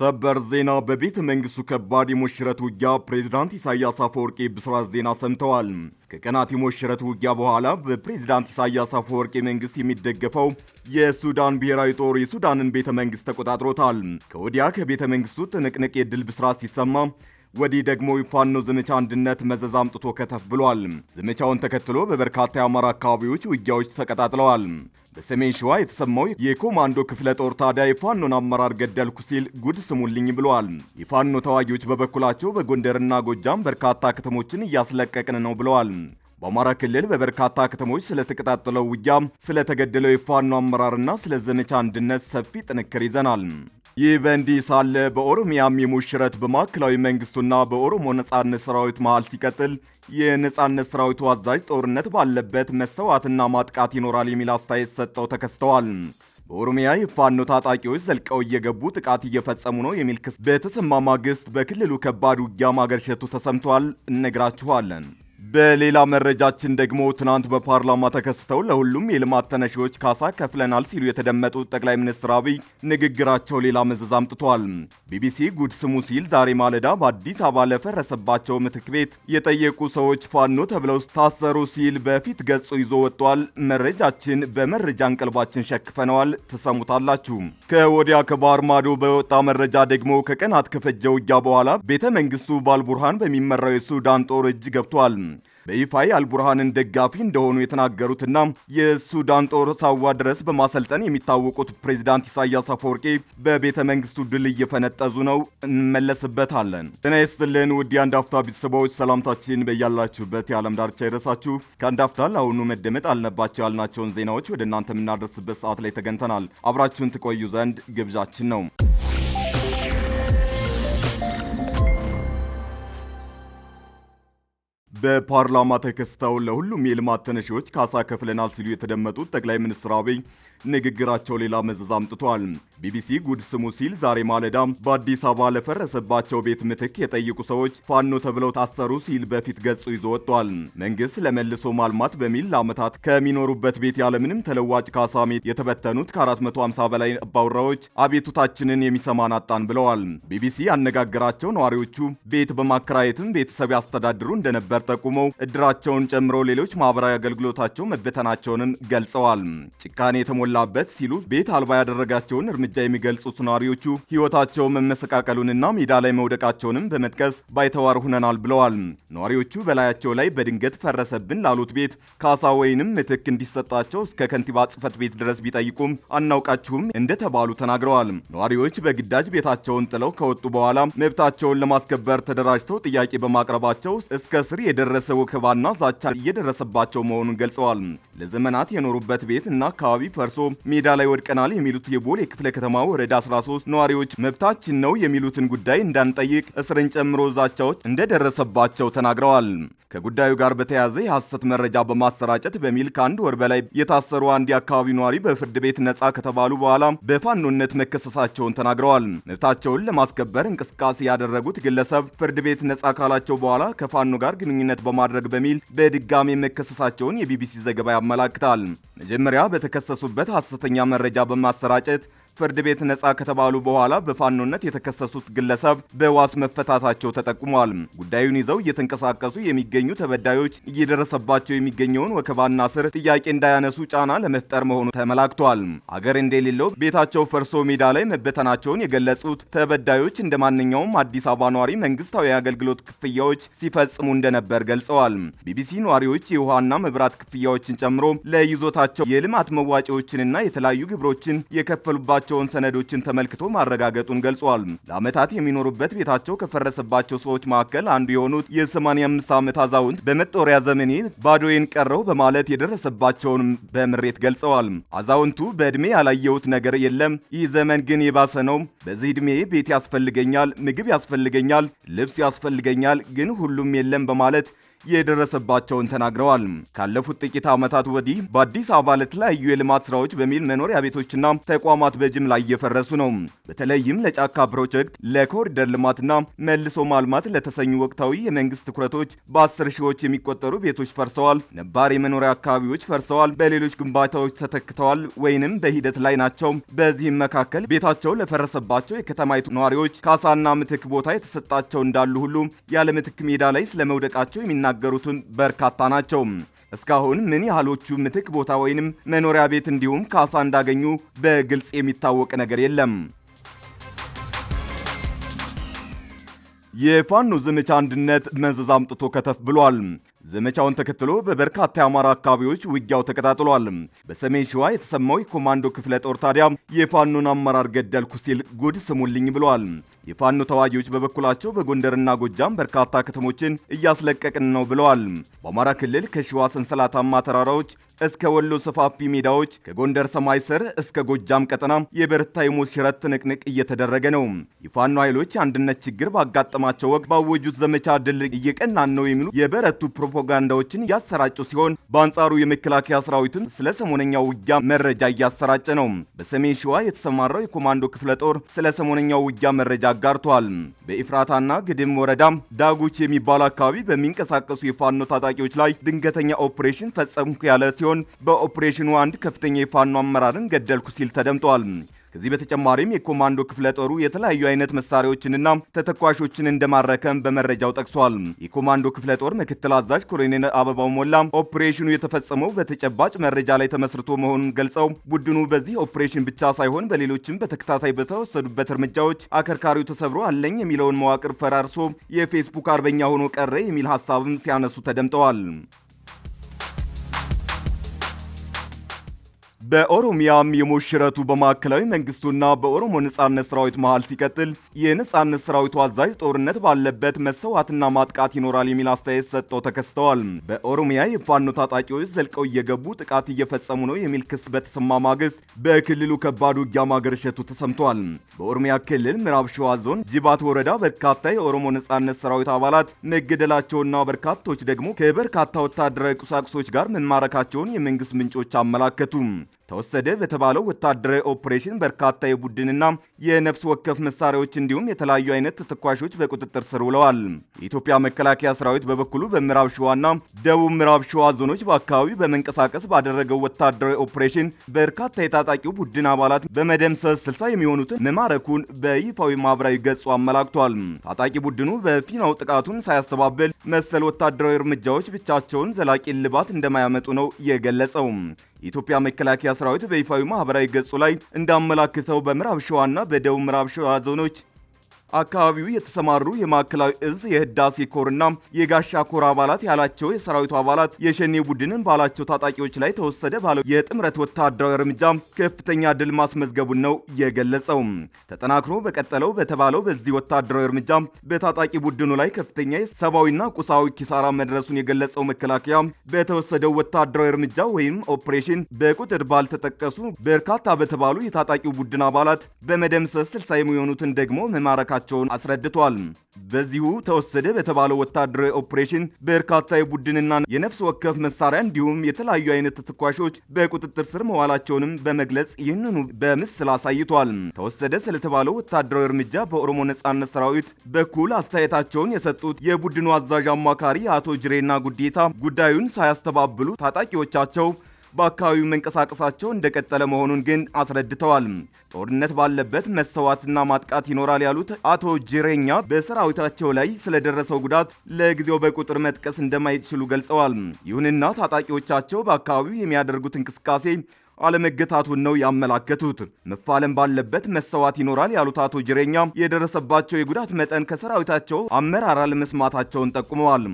ሰበር ዜና በቤተ መንግስቱ ከባድ የሞሽረት ውጊያ ፕሬዝዳንት ኢሳያስ አፈወርቂ ብስራት ዜና ሰምተዋል። ከቀናት የሞሽረት ውጊያ በኋላ በፕሬዝዳንት ኢሳያስ አፈወርቂ መንግስት የሚደገፈው የሱዳን ብሔራዊ ጦር የሱዳንን ቤተ መንግስት ተቆጣጥሮታል። ከወዲያ ከቤተ መንግስቱ ትንቅንቅ የድል ብስራት ሲሰማ ወዲህ ደግሞ የፋኖ ዘመቻ አንድነት መዘዝ አምጥቶ ከተፍ ብሏል። ዘመቻውን ተከትሎ በበርካታ የአማራ አካባቢዎች ውጊያዎች ተቀጣጥለዋል። በሰሜን ሸዋ የተሰማው የኮማንዶ ክፍለ ጦር ታዲያ የፋኖን አመራር ገደልኩ ሲል ጉድ ስሙልኝ ብለዋል። የፋኖ ተዋጊዎች በበኩላቸው በጎንደርና ጎጃም በርካታ ከተሞችን እያስለቀቅን ነው ብለዋል። በአማራ ክልል በበርካታ ከተሞች ስለተቀጣጠለው ውጊያ፣ ስለተገደለው የፋኖ አመራርና ስለ ዘመቻ አንድነት ሰፊ ጥንክር ይዘናል። ይህ በእንዲህ ሳለ በኦሮሚያም የሙሽረት በማዕከላዊ መንግስቱና በኦሮሞ ነጻነት ሰራዊት መሃል ሲቀጥል የነጻነት ሰራዊቱ አዛዥ ጦርነት ባለበት መሰዋትና ማጥቃት ይኖራል የሚል አስተያየት ሰጠው ተከስተዋል። በኦሮሚያ የፋኖ ታጣቂዎች ዘልቀው እየገቡ ጥቃት እየፈጸሙ ነው የሚል ክስ በተሰማ ማግስት በክልሉ ከባድ ውጊያ ማገርሸቱ ተሰምቷል። እነግራችኋለን። በሌላ መረጃችን ደግሞ ትናንት በፓርላማ ተከስተው ለሁሉም የልማት ተነሺዎች ካሳ ከፍለናል ሲሉ የተደመጡት ጠቅላይ ሚኒስትር አብይ ንግግራቸው ሌላ መዘዝ አምጥቷል። ቢቢሲ ጉድ ስሙ ሲል ዛሬ ማለዳ በአዲስ አበባ ለፈረሰባቸው ምትክ ቤት የጠየቁ ሰዎች ፋኖ ተብለው ታሰሩ ሲል በፊት ገጹ ይዞ ወጥቷል። መረጃችን በመረጃ እንቅልባችን ሸክፈነዋል፣ ትሰሙታላችሁ። ከወዲያ ከባህር ማዶ በወጣ መረጃ ደግሞ ከቀናት ከፈጀ ውጊያ በኋላ ቤተ መንግስቱ ባልቡርሃን በሚመራው የሱዳን ጦር እጅ ገብቷል። በይፋ አልቡርሃንን ደጋፊ እንደሆኑ የተናገሩትና የሱዳን ጦር ሳዋ ድረስ በማሰልጠን የሚታወቁት ፕሬዚዳንት ኢሳያስ አፈወርቂ በቤተ መንግስቱ ድል እየፈነጠዙ ነው። እንመለስበታለን። ጤና ይስጥልን ውድ የአንድ አፍታ ቤተሰቦች፣ ሰላምታችን በያላችሁበት የዓለም ዳርቻ ይድረሳችሁ። ከአንድ አፍታ ለአሁኑ መደመጥ አልነባቸው ያልናቸውን ዜናዎች ወደ እናንተ የምናደርስበት ሰዓት ላይ ተገኝተናል። አብራችሁን ትቆዩ ዘንድ ግብዣችን ነው። በፓርላማ ተከስተው ለሁሉም የልማት ተነሺዎች ካሳ ከፍለናል ሲሉ የተደመጡት ጠቅላይ ሚኒስትር አብይ ንግግራቸው ሌላ መዘዝ አምጥቷል። ቢቢሲ ጉድ ስሙ ሲል ዛሬ ማለዳ በአዲስ አበባ ለፈረሰባቸው ቤት ምትክ የጠየቁ ሰዎች ፋኖ ተብለው ታሰሩ ሲል በፊት ገጹ ይዞ ወጥቷል። መንግስት ለመልሶ ማልማት በሚል ለዓመታት ከሚኖሩበት ቤት ያለምንም ተለዋጭ ካሳ የተበተኑት ከ450 በላይ አባውራዎች አቤቱታችንን የሚሰማን አጣን ብለዋል። ቢቢሲ ያነጋገራቸው ነዋሪዎቹ ቤት በማከራየትም ቤተሰብ ያስተዳድሩ እንደነበር ጠቁመው እድራቸውን ጨምሮ ሌሎች ማህበራዊ አገልግሎታቸው መበተናቸውንም ገልጸዋል። ጭካኔ የተሞላበት ሲሉ ቤት አልባ ያደረጋቸውን እርምጃ የሚገልጹት ነዋሪዎቹ ህይወታቸው መመሰቃቀሉንና ሜዳ ላይ መውደቃቸውንም በመጥቀስ ባይተዋር ሁነናል ብለዋል። ነዋሪዎቹ በላያቸው ላይ በድንገት ፈረሰብን ላሉት ቤት ካሳ ወይንም ምትክ እንዲሰጣቸው እስከ ከንቲባ ጽህፈት ቤት ድረስ ቢጠይቁም አናውቃችሁም እንደተባሉ ተናግረዋል። ነዋሪዎች በግዳጅ ቤታቸውን ጥለው ከወጡ በኋላ መብታቸውን ለማስከበር ተደራጅተው ጥያቄ በማቅረባቸው እስከ ስር የደረሰ ወከባና ዛቻ እየደረሰባቸው መሆኑን ገልጸዋል። ለዘመናት የኖሩበት ቤት እና አካባቢ ፈርሶ ሜዳ ላይ ወድቀናል የሚሉት የቦሌ ክፍለ ከተማ ወረዳ 13 ነዋሪዎች መብታችን ነው የሚሉትን ጉዳይ እንዳንጠይቅ እስርን ጨምሮ ዛቻዎች እንደደረሰባቸው ተናግረዋል። ከጉዳዩ ጋር በተያያዘ የሐሰት መረጃ በማሰራጨት በሚል ከአንድ ወር በላይ የታሰሩ አንድ የአካባቢው ነዋሪ በፍርድ ቤት ነጻ ከተባሉ በኋላ በፋኖነት መከሰሳቸውን ተናግረዋል። መብታቸውን ለማስከበር እንቅስቃሴ ያደረጉት ግለሰብ ፍርድ ቤት ነጻ ካላቸው በኋላ ከፋኖ ጋር ግንኙነት ተጠያቂነት በማድረግ በሚል በድጋሚ መከሰሳቸውን የቢቢሲ ዘገባ ያመላክታል። መጀመሪያ በተከሰሱበት ሐሰተኛ መረጃ በማሰራጨት ፍርድ ቤት ነጻ ከተባሉ በኋላ በፋኖነት የተከሰሱት ግለሰብ በዋስ መፈታታቸው ተጠቁሟል። ጉዳዩን ይዘው እየተንቀሳቀሱ የሚገኙ ተበዳዮች እየደረሰባቸው የሚገኘውን ወከባና ስር ጥያቄ እንዳያነሱ ጫና ለመፍጠር መሆኑ ተመላክቷል። አገር እንደሌለው ቤታቸው ፈርሶ ሜዳ ላይ መበተናቸውን የገለጹት ተበዳዮች እንደ ማንኛውም አዲስ አበባ ነዋሪ መንግስታዊ የአገልግሎት ክፍያዎች ሲፈጽሙ እንደነበር ገልጸዋል። ቢቢሲ ነዋሪዎች የውሃና መብራት ክፍያዎችን ጨምሮ ለይዞታቸው የልማት መዋጮዎችንና የተለያዩ ግብሮችን የከፈሉባቸው ያሏቸውን ሰነዶችን ተመልክቶ ማረጋገጡን ገልጿል። ለአመታት የሚኖሩበት ቤታቸው ከፈረሰባቸው ሰዎች መካከል አንዱ የሆኑት የ85 ዓመት አዛውንት በመጦሪያ ዘመኔ ባዶዬን ቀረው በማለት የደረሰባቸውን በምሬት ገልጸዋል። አዛውንቱ በዕድሜ ያላየሁት ነገር የለም፣ ይህ ዘመን ግን የባሰ ነው። በዚህ ዕድሜ ቤት ያስፈልገኛል፣ ምግብ ያስፈልገኛል፣ ልብስ ያስፈልገኛል፣ ግን ሁሉም የለም በማለት የደረሰባቸውን ተናግረዋል። ካለፉት ጥቂት ዓመታት ወዲህ በአዲስ አበባ ለተለያዩ የልማት ስራዎች በሚል መኖሪያ ቤቶችና ተቋማት በጅምላ እየፈረሱ ነው። በተለይም ለጫካ ፕሮጀክት፣ ለኮሪደር ልማትና መልሶ ማልማት ለተሰኙ ወቅታዊ የመንግስት ትኩረቶች በአስር ሺዎች የሚቆጠሩ ቤቶች ፈርሰዋል፣ ነባር የመኖሪያ አካባቢዎች ፈርሰዋል፣ በሌሎች ግንባታዎች ተተክተዋል ወይንም በሂደት ላይ ናቸው። በዚህም መካከል ቤታቸው ለፈረሰባቸው የከተማይቱ ነዋሪዎች ካሳና ምትክ ቦታ የተሰጣቸው እንዳሉ ሁሉ ያለ ምትክ ሜዳ ላይ ስለመውደቃቸው የሚና የሚናገሩትን በርካታ ናቸው። እስካሁን ምን ያህሎቹ ምትክ ቦታ ወይንም መኖሪያ ቤት እንዲሁም ካሳ እንዳገኙ በግልጽ የሚታወቅ ነገር የለም። የፋኖ ዘመቻ አንድነት መዘዝ አምጥቶ ከተፍ ብሏል። ዘመቻውን ተከትሎ በበርካታ የአማራ አካባቢዎች ውጊያው ተቀጣጥሏል። በሰሜን ሸዋ የተሰማው የኮማንዶ ክፍለ ጦር ታዲያ የፋኖን አመራር ገደልኩ ሲል ጉድ ስሙልኝ ብሏል። የፋኖ ተዋጊዎች በበኩላቸው በጎንደርና ጎጃም በርካታ ከተሞችን እያስለቀቅን ነው ብለዋል። በአማራ ክልል ከሸዋ ሰንሰለታማ ተራራዎች እስከ ወሎ ሰፋፊ ሜዳዎች ከጎንደር ሰማይ ስር እስከ ጎጃም ቀጠና የበረታ የሞት ሽረት ትንቅንቅ እየተደረገ ነው። የፋኖ ኃይሎች የአንድነት ችግር ባጋጠማቸው ወቅት ባወጁት ዘመቻ ድል እየቀናን ነው የሚሉ የበረቱ ፕሮፓጋንዳዎችን እያሰራጩ ሲሆን፣ በአንጻሩ የመከላከያ ሰራዊቱን ስለ ሰሞነኛው ውጊያ መረጃ እያሰራጨ ነው። በሰሜን ሸዋ የተሰማራው የኮማንዶ ክፍለ ጦር ስለ ሰሞነኛው ውጊያ መረጃ አጋርቷል። በኢፍራታና ግድም ወረዳም ዳጉች የሚባል አካባቢ በሚንቀሳቀሱ የፋኖ ታጣቂዎች ላይ ድንገተኛ ኦፕሬሽን ፈጸምኩ ያለ ሲሆን በኦፕሬሽኑ አንድ ከፍተኛ የፋኖ አመራርን ገደልኩ ሲል ተደምጧል። ከዚህ በተጨማሪም የኮማንዶ ክፍለ ጦሩ የተለያዩ አይነት መሳሪያዎችንና ተተኳሾችን እንደማረከም በመረጃው ጠቅሷል። የኮማንዶ ክፍለ ጦር ምክትል አዛዥ ኮሎኔል አበባው ሞላ ኦፕሬሽኑ የተፈጸመው በተጨባጭ መረጃ ላይ ተመስርቶ መሆኑን ገልጸው ቡድኑ በዚህ ኦፕሬሽን ብቻ ሳይሆን በሌሎችም በተከታታይ በተወሰዱበት እርምጃዎች አከርካሪው ተሰብሮ አለኝ የሚለውን መዋቅር ፈራርሶ የፌስቡክ አርበኛ ሆኖ ቀረ የሚል ሀሳብም ሲያነሱ ተደምጠዋል። በኦሮሚያም የሞሽረቱ በማዕከላዊ መንግስቱና በኦሮሞ ነጻነት ሰራዊት መሃል ሲቀጥል የነጻነት ሰራዊቱ አዛዥ ጦርነት ባለበት መሰዋትና ማጥቃት ይኖራል የሚል አስተያየት ሰጥተው ተከስተዋል። በኦሮሚያ የፋኖ ታጣቂዎች ዘልቀው እየገቡ ጥቃት እየፈጸሙ ነው የሚል ክስ በተሰማ ማግስት በክልሉ ከባድ ውጊያ ማገረሸቱ ተሰምቷል። በኦሮሚያ ክልል ምዕራብ ሸዋ ዞን ጅባት ወረዳ በርካታ የኦሮሞ ነጻነት ሰራዊት አባላት መገደላቸውና በርካቶች ደግሞ ከበርካታ ወታደራዊ ቁሳቁሶች ጋር መማረካቸውን የመንግስት ምንጮች አመላከቱ። ተወሰደ በተባለው ወታደራዊ ኦፕሬሽን በርካታ የቡድንና የነፍስ ወከፍ መሳሪያዎች እንዲሁም የተለያዩ አይነት ተተኳሾች በቁጥጥር ስር ውለዋል። የኢትዮጵያ መከላከያ ሰራዊት በበኩሉ በምዕራብ ሸዋና ደቡብ ምዕራብ ሸዋ ዞኖች በአካባቢው በመንቀሳቀስ ባደረገው ወታደራዊ ኦፕሬሽን በርካታ የታጣቂው ቡድን አባላት በመደምሰስ ስልሳ የሚሆኑትን መማረኩን በይፋዊ ማህበራዊ ገጹ አመላክቷል። ታጣቂ ቡድኑ በፊናው ጥቃቱን ሳያስተባብል መሰል ወታደራዊ እርምጃዎች ብቻቸውን ዘላቂ እልባት እንደማያመጡ ነው የገለጸው። የኢትዮጵያ መከላከያ ሰራዊት በይፋዊ ማህበራዊ ገጹ ላይ እንዳመላክተው በምዕራብ ሸዋና በደቡብ ምዕራብ ሸዋ ዞኖች አካባቢው የተሰማሩ የማዕከላዊ እዝ የህዳሴ ኮርና የጋሻ ኮር አባላት ያላቸው የሰራዊቱ አባላት የሸኔ ቡድንን ባላቸው ታጣቂዎች ላይ ተወሰደ ባለው የጥምረት ወታደራዊ እርምጃ ከፍተኛ ድል ማስመዝገቡን ነው የገለጸው። ተጠናክሮ በቀጠለው በተባለው በዚህ ወታደራዊ እርምጃ በታጣቂ ቡድኑ ላይ ከፍተኛ ሰብአዊና ቁሳዊ ኪሳራ መድረሱን የገለጸው መከላከያ በተወሰደው ወታደራዊ እርምጃ ወይም ኦፕሬሽን በቁጥር ባልተጠቀሱ በርካታ በተባሉ የታጣቂው ቡድን አባላት በመደምሰስ ስልሳ የሚሆኑትን ደግሞ መማረካቸው መሆናቸውን አስረድቷል። በዚሁ ተወሰደ በተባለው ወታደራዊ ኦፕሬሽን በርካታ የቡድንና የነፍስ ወከፍ መሳሪያ እንዲሁም የተለያዩ አይነት ተተኳሾች በቁጥጥር ስር መዋላቸውንም በመግለጽ ይህንኑ በምስል አሳይቷል። ተወሰደ ስለተባለው ወታደራዊ እርምጃ በኦሮሞ ነጻነት ሰራዊት በኩል አስተያየታቸውን የሰጡት የቡድኑ አዛዥ አማካሪ አቶ ጅሬና ጉዴታ ጉዳዩን ሳያስተባብሉ ታጣቂዎቻቸው በአካባቢው መንቀሳቀሳቸው እንደቀጠለ መሆኑን ግን አስረድተዋል። ጦርነት ባለበት መሰዋትና ማጥቃት ይኖራል ያሉት አቶ ጅሬኛ በሰራዊታቸው ላይ ስለደረሰው ጉዳት ለጊዜው በቁጥር መጥቀስ እንደማይችሉ ገልጸዋል። ይሁንና ታጣቂዎቻቸው በአካባቢው የሚያደርጉት እንቅስቃሴ አለመገታቱን ነው ያመላከቱት። መፋለም ባለበት መሰዋት ይኖራል ያሉት አቶ ጅሬኛ የደረሰባቸው የጉዳት መጠን ከሰራዊታቸው አመራር አለመስማታቸውን ጠቁመዋል።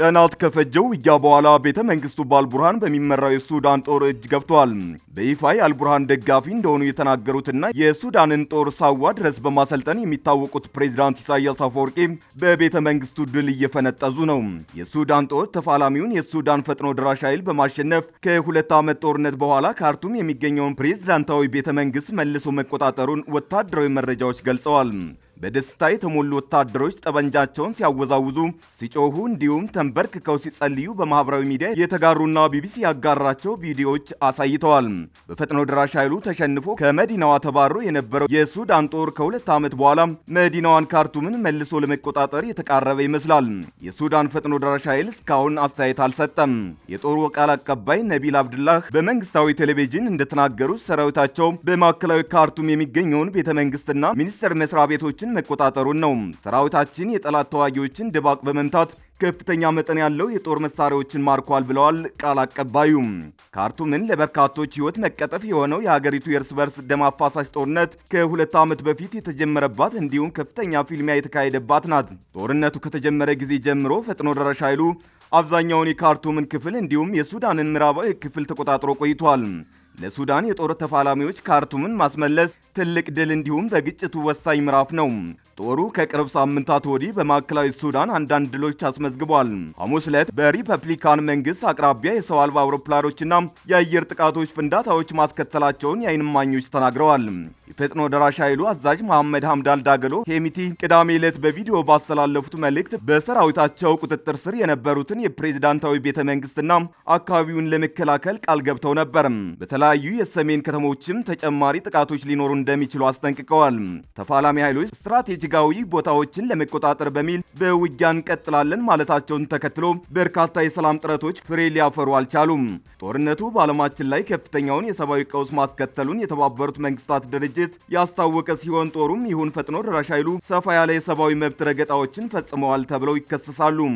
ቀናት ከፈጀው ውጊያ በኋላ ቤተ መንግስቱ በአልቡርሃን በሚመራው የሱዳን ጦር እጅ ገብቷል። በይፋ የአልቡርሃን ደጋፊ እንደሆኑ የተናገሩትና የሱዳንን ጦር ሳዋ ድረስ በማሰልጠን የሚታወቁት ፕሬዚዳንት ኢሳያስ አፈወርቂ በቤተ መንግስቱ ድል እየፈነጠዙ ነው። የሱዳን ጦር ተፋላሚውን የሱዳን ፈጥኖ ድራሽ ኃይል በማሸነፍ ከሁለት ዓመት ጦርነት በኋላ ካርቱም የሚገኘውን ፕሬዚዳንታዊ ቤተ መንግስት መልሶ መቆጣጠሩን ወታደራዊ መረጃዎች ገልጸዋል። በደስታ የተሞሉ ወታደሮች ጠመንጃቸውን ሲያወዛውዙ፣ ሲጮሁ፣ እንዲሁም ተንበርክከው ሲጸልዩ በማህበራዊ ሚዲያ የተጋሩና ቢቢሲ ያጋራቸው ቪዲዮዎች አሳይተዋል። በፈጥኖ ደራሽ ኃይሉ ተሸንፎ ከመዲናዋ ተባሮ የነበረው የሱዳን ጦር ከሁለት ዓመት በኋላ መዲናዋን ካርቱምን መልሶ ለመቆጣጠር የተቃረበ ይመስላል። የሱዳን ፈጥኖ ደራሽ ኃይል እስካሁን አስተያየት አልሰጠም። የጦሩ ቃል አቀባይ ነቢል አብድላህ በመንግስታዊ ቴሌቪዥን እንደተናገሩት ሰራዊታቸው በማዕከላዊ ካርቱም የሚገኘውን ቤተ መንግስትና ሚኒስቴር መስሪያ ቤቶችን ከተሞችን መቆጣጠሩን ነው። ሰራዊታችን የጠላት ተዋጊዎችን ድባቅ በመምታት ከፍተኛ መጠን ያለው የጦር መሳሪያዎችን ማርኳል ብለዋል ቃል አቀባዩ። ካርቱምን ለበርካቶች ሕይወት መቀጠፍ የሆነው የሀገሪቱ የእርስ በርስ ደም አፋሳሽ ጦርነት ከሁለት ዓመት በፊት የተጀመረባት እንዲሁም ከፍተኛ ፊልሚያ የተካሄደባት ናት። ጦርነቱ ከተጀመረ ጊዜ ጀምሮ ፈጥኖ ደራሽ ኃይሉ አብዛኛውን የካርቱምን ክፍል እንዲሁም የሱዳንን ምዕራባዊ ክፍል ተቆጣጥሮ ቆይቷል። ለሱዳን የጦር ተፋላሚዎች ካርቱምን ማስመለስ ትልቅ ድል እንዲሁም በግጭቱ ወሳኝ ምዕራፍ ነው። ጦሩ ከቅርብ ሳምንታት ወዲህ በማዕከላዊ ሱዳን አንዳንድ ድሎች አስመዝግቧል። ሐሙስ ዕለት በሪፐብሊካን መንግስት አቅራቢያ የሰው አልባ አውሮፕላኖችና የአየር ጥቃቶች ፍንዳታዎች ማስከተላቸውን የዓይን እማኞች ተናግረዋል። የፈጥኖ ደራሽ ኃይሉ አዛዥ መሐመድ ሐምዳል ዳገሎ ሄሚቲ ቅዳሜ ዕለት በቪዲዮ ባስተላለፉት መልእክት በሰራዊታቸው ቁጥጥር ስር የነበሩትን የፕሬዚዳንታዊ ቤተ መንግስትና አካባቢውን ለመከላከል ቃል ገብተው ነበር። በተለያዩ የሰሜን ከተሞችም ተጨማሪ ጥቃቶች ሊኖሩ እንደሚችሉ አስጠንቅቀዋል። ተፋላሚ ኃይሎች ስትራቴጂካዊ ቦታዎችን ለመቆጣጠር በሚል በውጊያ እንቀጥላለን ማለታቸውን ተከትሎ በርካታ የሰላም ጥረቶች ፍሬ ሊያፈሩ አልቻሉም። ጦርነቱ በዓለማችን ላይ ከፍተኛውን የሰብአዊ ቀውስ ማስከተሉን የተባበሩት መንግስታት ድርጅት ያስታወቀ ሲሆን ጦሩም ይሁን ፈጥኖ ደራሽ ኃይሉ ሰፋ ያለ የሰብአዊ መብት ረገጣዎችን ፈጽመዋል ተብለው ይከሰሳሉ።